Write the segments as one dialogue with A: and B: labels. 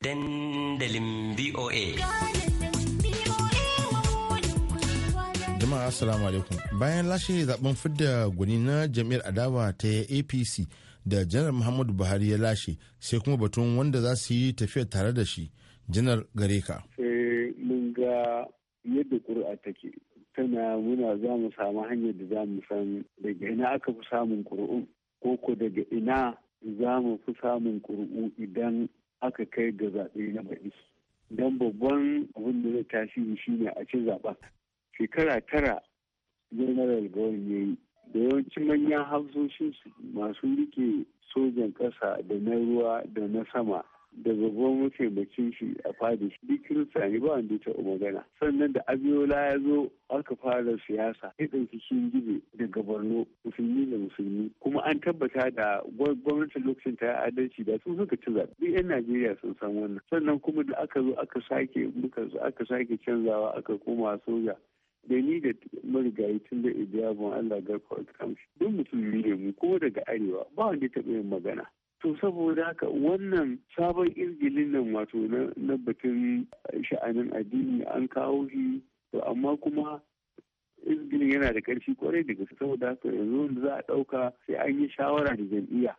A: Dandalin BOA. Jama'a Assalamu alaikum. Bayan lashe zaben fidda gwani na jam'iyyar adawa ta APC da janar Muhammadu Buhari ya lashe sai kuma batun wanda za su yi tafiya tare da shi janar Gareka.
B: Sai eh, mun ga yadda ƙuri'a take tana muna za mu samu hanyar da za mu san daga ina aka fi samun ƙuri'un ko ko daga ina za mu fi samun ƙuri'u idan aka kai ga zaɓe na baɗi don babban abin da zai tasiri shine a ci zaɓa shekara tara general Gowon ya yi da yawancin manyan hafsoshin masu rike sojan ƙasa da na ruwa da na sama da babban mataimakin shi a fadi shi. kirista ne ba wanda ta magana sannan da abiola ya zo aka fara siyasa ya ɗauki sun gibe daga borno musulmi da musulmi kuma an tabbata da gwamnatin lokacin ta adalci da sun suka ci zaɓe duk 'yan najeriya sun san wannan sannan kuma da aka zo aka sake muka aka sake canzawa aka koma soja da ni da marigayi tun da ijabun Allah garkuwar kamshi duk musulmi ne mu kuma daga arewa ba wanda ta yin magana to saboda haka wannan sabon irgilin nan wato na batun sha'anin addini an kawo shi to amma kuma izgilin yana da ƙarfi kwarai da gaske saboda haka yanzu za a ɗauka sai an yi shawara da jam'iyya.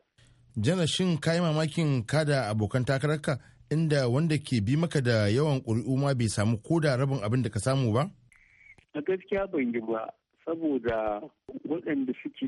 A: jana shin ka yi mamakin kada abokan takararka inda wanda ke bi maka da yawan ƙuri'u ma bai samu ko da rabin abin da ka samu ba?
B: a gaskiya ban yi ba saboda waɗanda suke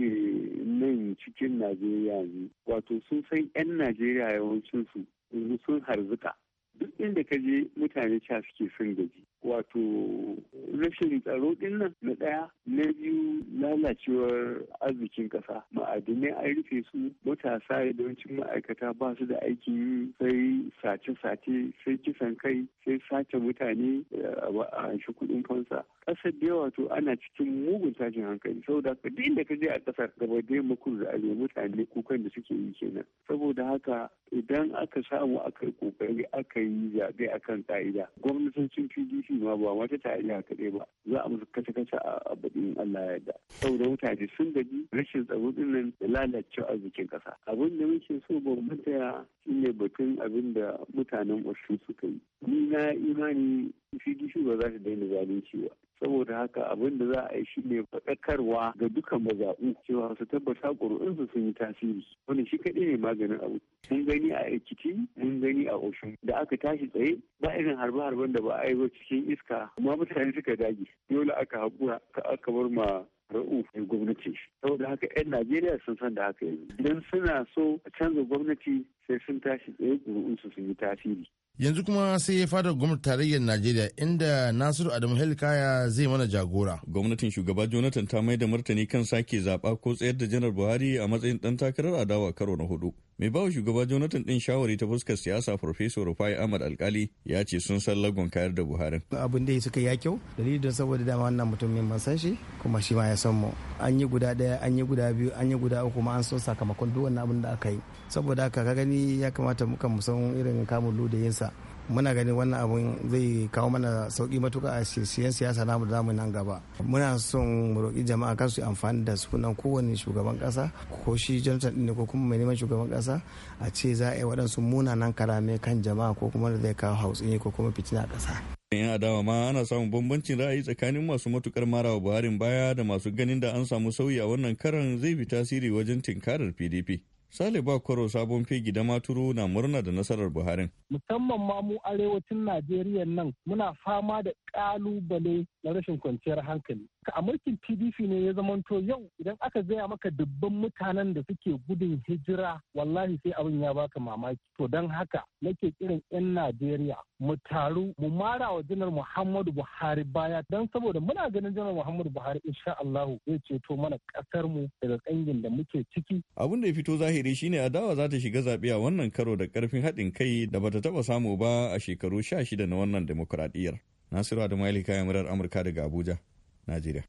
B: nan cikin najeriya ne wato sun san 'yan najeriya yawancinsu yanzu sun harzuka duk inda ka je mutane ca suke son gaji wato rashin tsaro din nan na ɗaya na biyu lalacewar arzikin ƙasa ma'adinai an rufe su matasa yawancin ma'aikata ba su da aikin yi sai sace-sace sai kisan kai sai sace mutane eh, a shi kuɗin fansa ƙasar da wato ana cikin mugun tashin hankali saboda ka duk inda ka je a ƙasar gaba da yamma kudu da arewa mutane kukan da suke yi kenan saboda haka idan aka samu aka yi ƙoƙari aka yi zaɓe akan ƙa'ida gwamnatocin pdp mutum ma ba wata tarayya kaɗai ba za a musu kace kace a in Allah ya da saboda mutane sun gaji rashin tsaro din nan da lalacewa arzikin ƙasa abin da muke so ba mu shine batun abin da mutanen Osun suka yi ni na imani shi ba za ta daina zalunci ba saboda haka abin da za a yi shine faɗakarwa ga dukkan mazaɓu cewa su tabbata ƙuri'unsu sun yi tasiri wani shi kaɗai ne maganin abu mun gani a ekiti mun gani a oshun da aka tashi tsaye ba irin harbe-harben da ba a yi ba cikin iska amma mutane suka dage dole aka haƙura aka bar ma ra'u gwamnati saboda haka 'yan najeriya sun san da haka yanzu idan suna so a canza gwamnati sai sun
C: tashi tsaye ƙuri'unsu sun yi tasiri
A: yanzu kuma sai ya fadar gwamnatin tarayyar najeriya inda nasiru adamu helikaya zai mana jagora
C: gwamnatin shugaba jonathan ta mai da martani kan sake zaɓa ko tsayar da janar buhari a matsayin ɗan takarar adawa karo na hudu mai bawa shugaba jonathan din shawari ta fuskar siyasa farfesa rufai ahmad alkali ya ce sun san lagon kayar da buhari
A: abin da suka ya kyau dalilin saboda dama wannan mutum ban san shi kuma shi ma ya san mu an yi guda daya an yi guda biyu an yi guda uku ma an so sakamakon duk wannan abin da aka yi saboda haka ka gani ya kamata muka mu san irin kamun ludayinsa muna ganin wannan abun zai kawo mana sauki matuka a siyan siyasa namu da zamu nan gaba muna son mu roƙi jama'a kan su amfani da sunan kowane shugaban kasa ko shi Johnson din ko kuma mai neman shugaban kasa a ce za a yi waɗansu munanan karame kan jama'a ko kuma zai kawo hautsi ko kuma fitina kasa
C: yan adawa ma ana samun bambancin ra'ayi tsakanin masu matukar marawa buharin baya da masu ganin da an samu sauyi a wannan karan zai fi tasiri wajen tinkarar pdp Sale kwaro sabon fegi da maturu na murna da nasarar Buharin.
B: Musamman ma mu arewacin Najeriya nan muna fama da kalubale na rashin kwanciyar hankali a mulkin pdp ne ya zamanto yau idan aka gaya maka dubban mutanen da suke gudun hijira wallahi sai abin ya baka mamaki to don haka nake kiran 'yan najeriya mu taru mu mara wa janar muhammadu buhari baya don saboda muna ganin janar muhammadu buhari insha allahu zai ceto mana kasar mu daga kangin da muke ciki
C: abin da ya fito zahiri shine adawa za ta shiga zaɓe a wannan karo da karfin haɗin kai da bata taɓa samu ba a shekaru sha shida na wannan demokradiyyar Nasiru Adamu Ali kayan murar Amurka daga Abuja, Najeriya.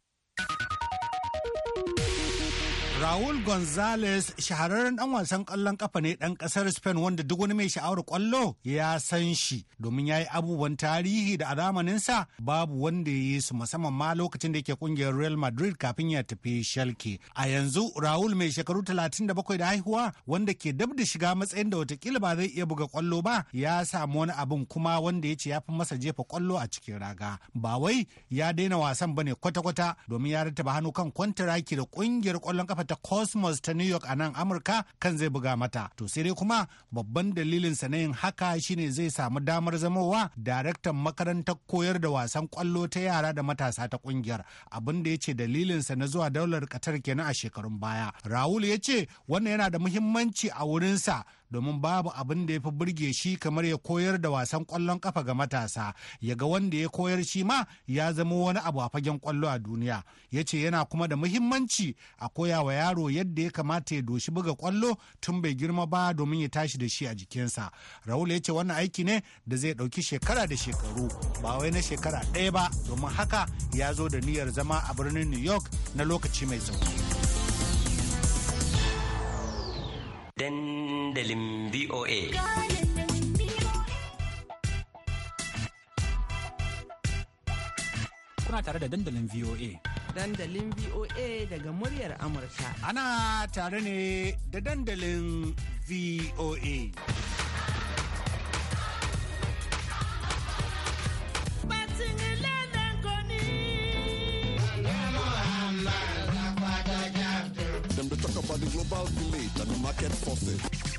A: Raul Gonzalez shahararren dan wasan kwallon kafa ne dan kasar Spain wanda duk wani mai sha'awar kwallo ya san shi domin ya yi abubuwan tarihi da sa babu wanda ya yi su musamman ma lokacin da yake kungiyar Real Madrid kafin ya tafi Schalke. A yanzu Raul mai shekaru 37 da haihuwa wanda ke dab da shiga matsayin da watakila ba zai iya buga kwallo ba ya samu wani abin kuma wanda ya ce ya fi masa jefa kwallo a cikin raga. Ba wai ya daina wasan bane kwata-kwata domin ya rattaba hannu kan kwantaraki da ƙungiyar kwallon ƙafa ta Cosmos ta New York a nan Amurka kan zai buga mata. To sai dai kuma babban dalilin sa na yin haka shine zai samu damar zamowa daraktan makarantar koyar da wasan kwallo ta yara da matasa ta kungiyar abin da ya ce dalilin sa na zuwa daular Qatar kenan a shekarun baya. Rahul ya ce wannan yana da muhimmanci a wurinsa domin babu abin da ya fi burge shi kamar ya koyar da wasan kwallon kafa ga matasa ya ga wanda ya koyar shi ma ya zama wani abu a fagen kwallo a duniya ya ce yana kuma da muhimmanci a koya wa yaro yadda ya kamata ya doshi buga kwallo tun bai girma ba domin ya tashi da shi a jikinsa rahul ya ce wannan aiki ne da zai ɗauki shekara da shekaru ba wai na shekara ɗaya ba domin haka ya zo da niyyar zama a birnin new york na lokaci mai tsawo. dandalin VOA. Kuna tare da dandalin VOA. Dandalin VOA daga muryar Amurka. Ana tare ne da dandalin VOA.
C: Them to talk about the global village and the market forces.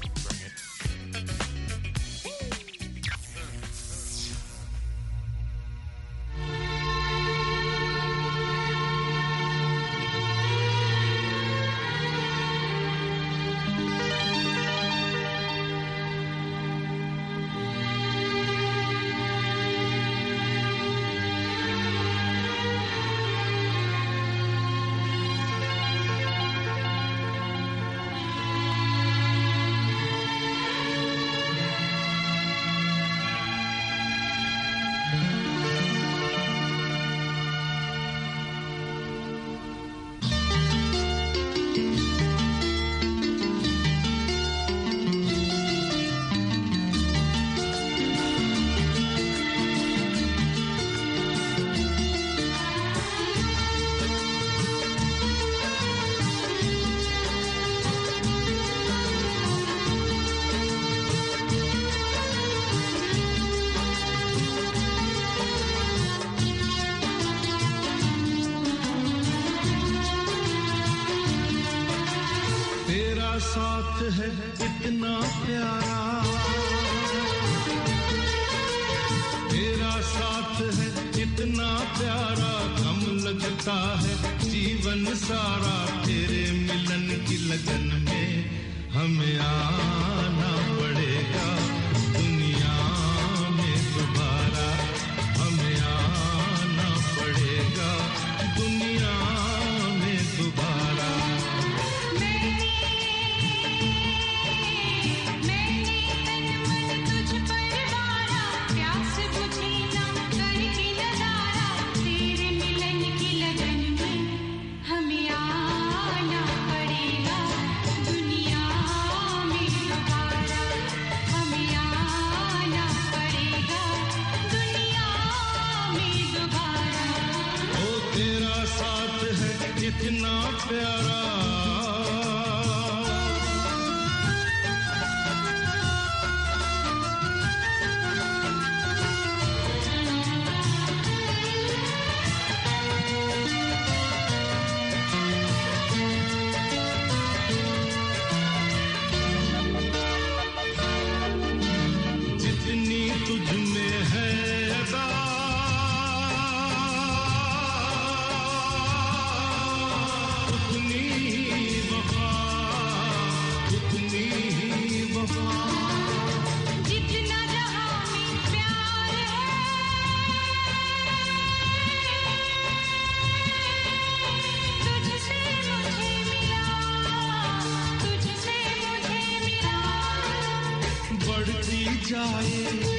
D: है इतना प्यारा
E: तेरा साथ है इतना प्यारा कम लगता है जीवन सारा तेरे मिलन की लगन में हमें आना आए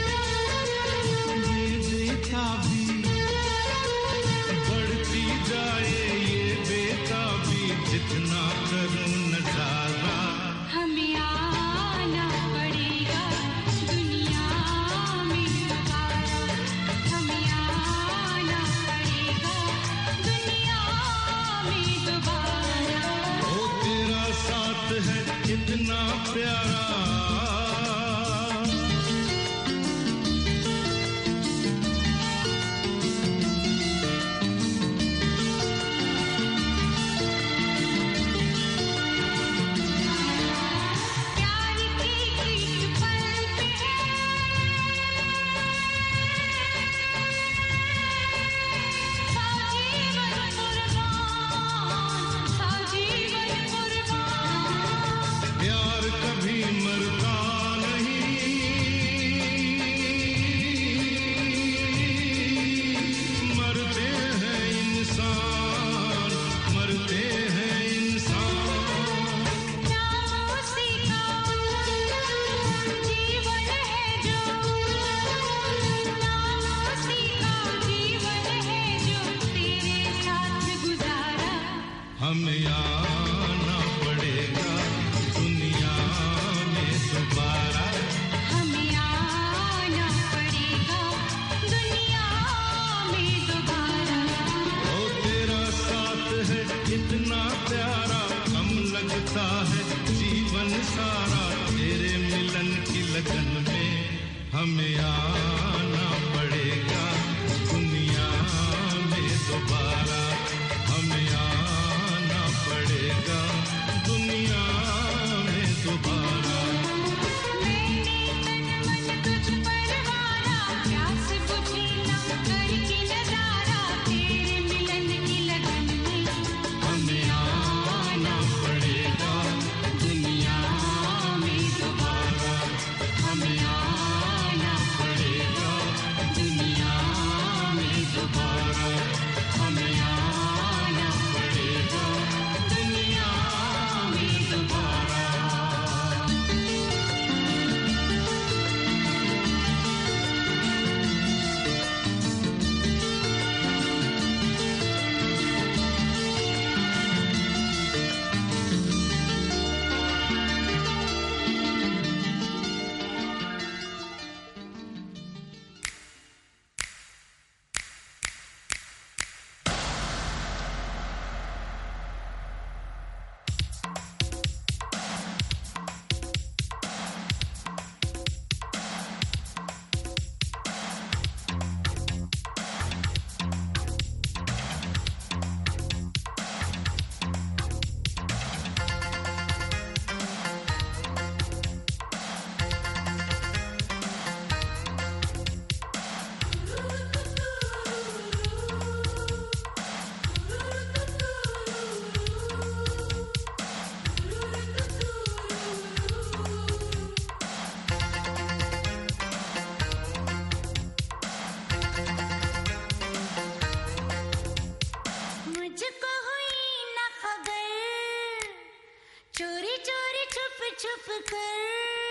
E: हमें आ चोरी चोरी छुप छुप कर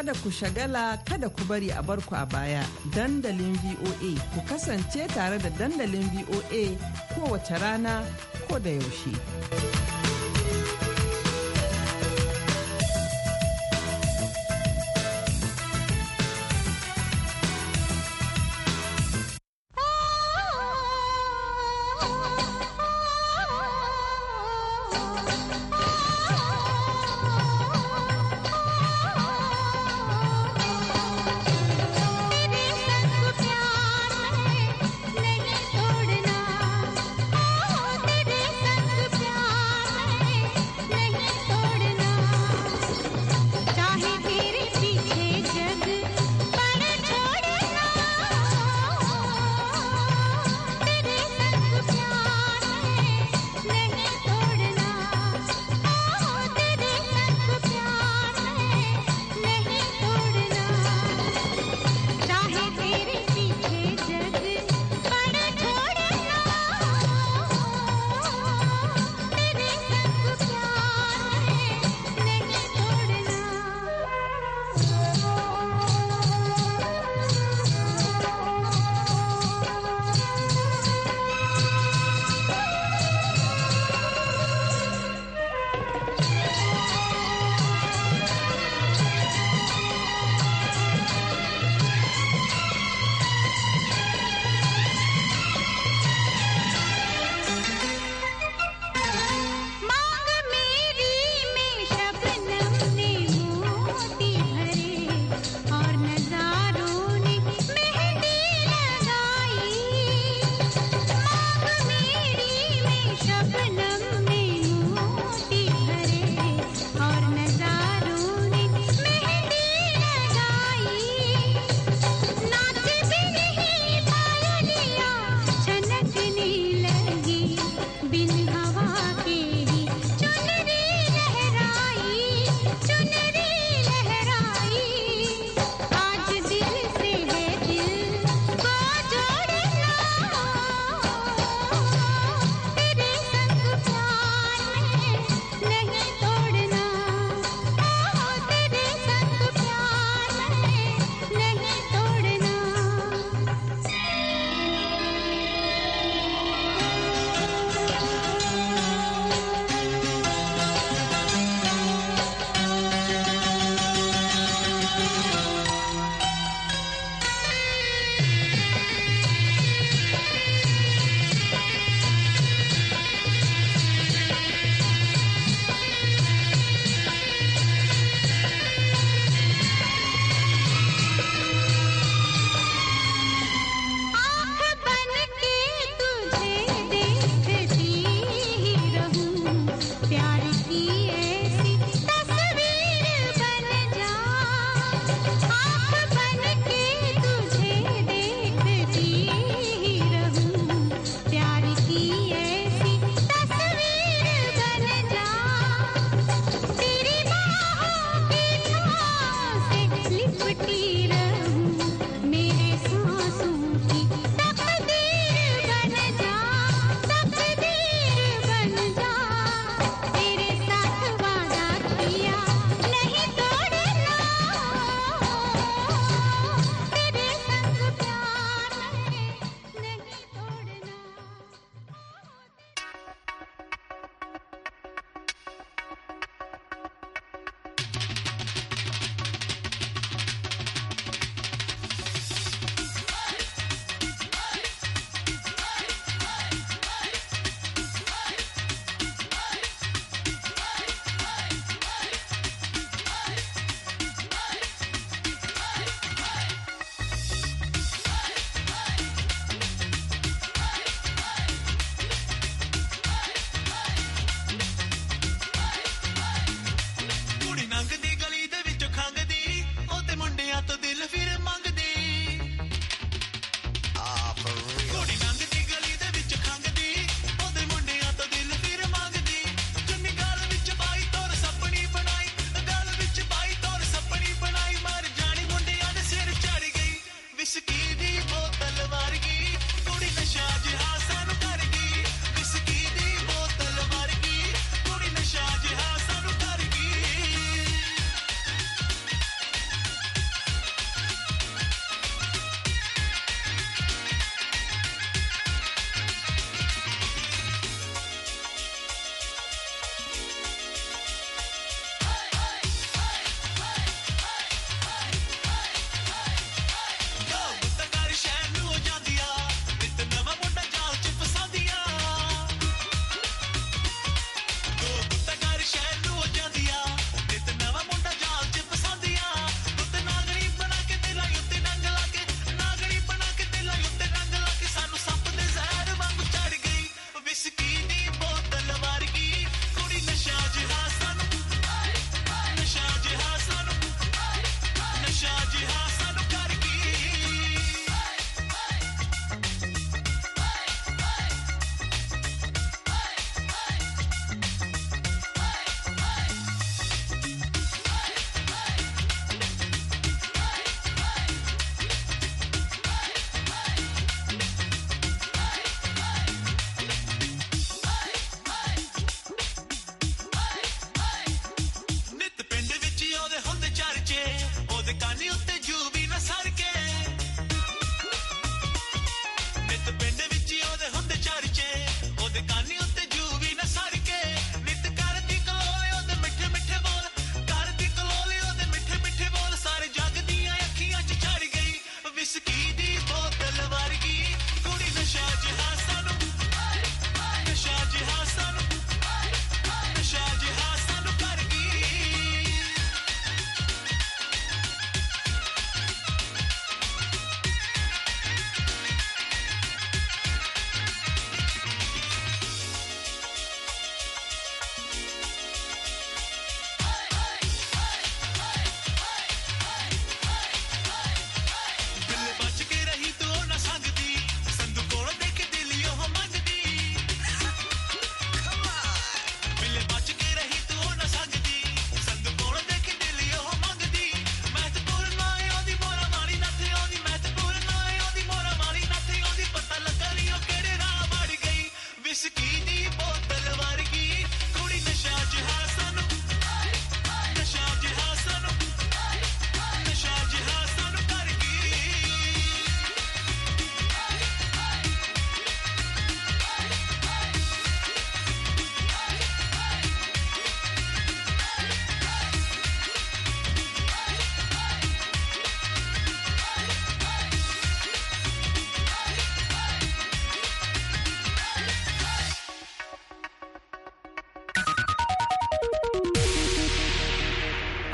C: kada ku shagala
A: kada ku bari a barku a baya dandalin VOA ku kasance tare da dandalin
C: VOA kowace rana ko da yaushe.
F: de Canil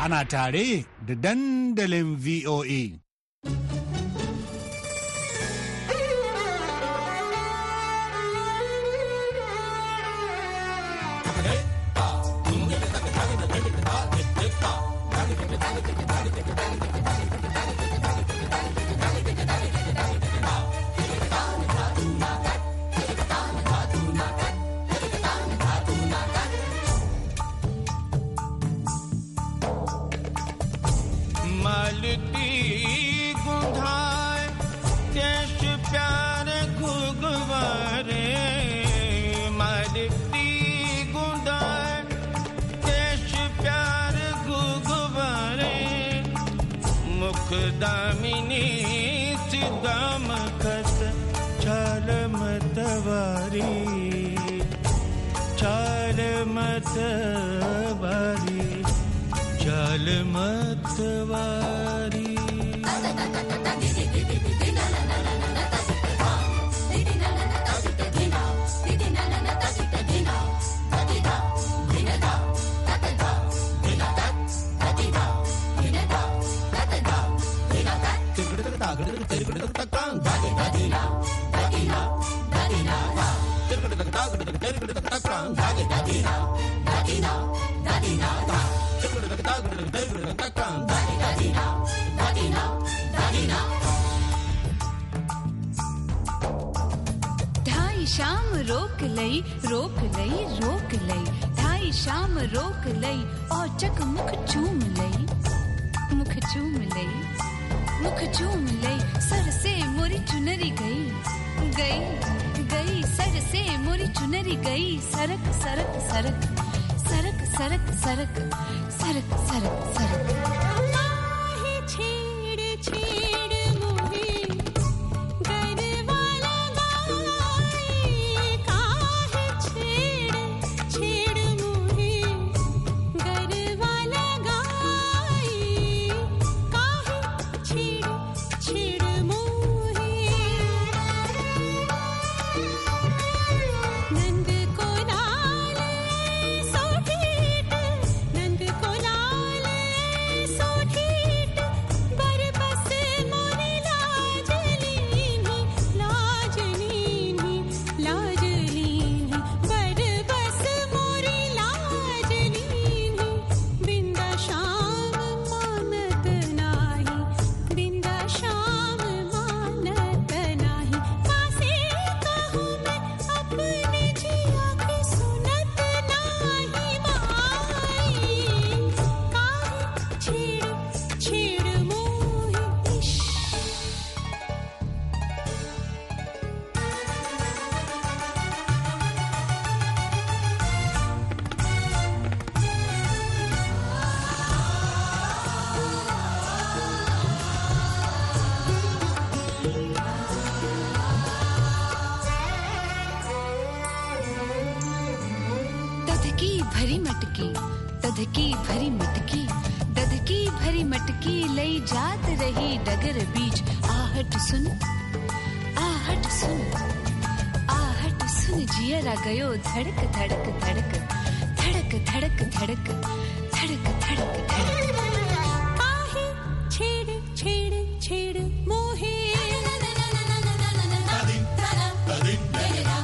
A: ana tare da dandalin VOA.
F: Yeah.